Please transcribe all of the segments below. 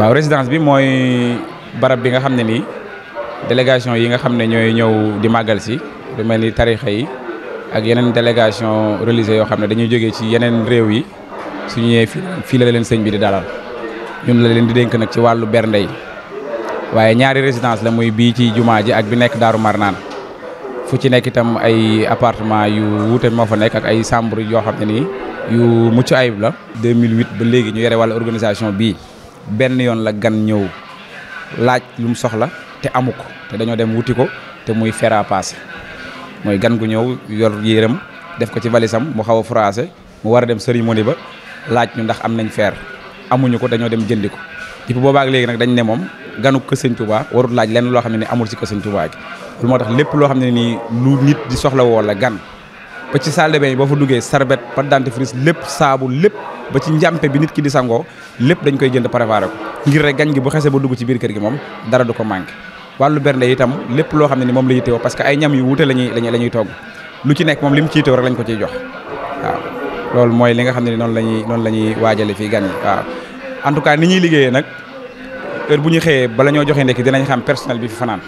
waaw résidence bi mooy barab bi nga xam ne nii délégation yi nga xam ne ñooy ñëw di màggal si lu mel ni tarixa yi ak yeneen délégation religieux yoo xam ne dañuy jógee ci yeneen réew yi su ñëwee fii la leen sëñ bi di dalal ñun la leen di dénk nag ci wàllu bernde yi waaye ñaari résidence la muy bii ci jumaa ji ak bi nekk Daaru Marnaan fu ci nekk itam ay appartement yu wuute moo fa nekk ak ay chambre yoo xam ne nii yu mucc ayib la 2008 ba léegi ñu yore wàllu organisation bii benn yoon la gan ñëw laaj lu soxla te amu ko te dañoo dem wuti ko te muy fera passé mooy gan gu ñëw yor yéeram def ko ci valisam mu xaw a froissé mu war a dem cérémonie ba laaj ñu ndax am nañ feer amuñu ko dañoo dem jëndi ko ci boobaak léegi nag dañ ne moom ganu Kër Sëñ Touba warut laaj lenn loo xam ne ni amul si Kër Sëñ Touba gi moo tax lépp loo xam ne nii lu nit di soxla woo la gan ba ci salle de bain boo fa duggee sarbet pâte dentifrice lépp saabu lépp ba ci njàmpe bi nit ki di sangoo lépp dañ koy jënd préparé ko ngir rek gañ gi bu xese ba dugg ci biir kër gi moom dara du ko manqué wàllu bernde itam lépp loo xam ne ni moom la yittewoo parce que ay ñam yu wuute lañuy la ñuy togg lu ci nekk moom li mu ci yittewoo rek lañ ko ciy jox waaw loolu mooy li nga xam ne ni noonu la ñuy noonu la ñuy waajale fii gan yi waaw en tout cas ni ñuy liggéeyee nag heure bu ñu xëyee bala ñoo joxe ndekki dinañ xam personnel bi fi fanaan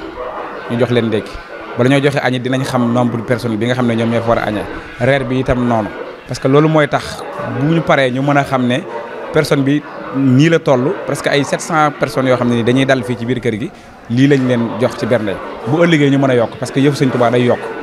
ñu jox leen ndekki bala ñoo joxe añi dinañ xam nombre de personnes bi nga xam ne ñoom ñoo fa war a añee reer bi itam noonu parce que loolu mooy tax bu ñu paree ñu mën a xam ne personne bi nii la toll presque ay 700 personnes yoo xam ne ni dañuy dal fii ci biir kër gi lii lañ leen jox ci bernde bu ëllëgee ñu mën a yokk parce que yëfu sëñ Tuubaa day yokk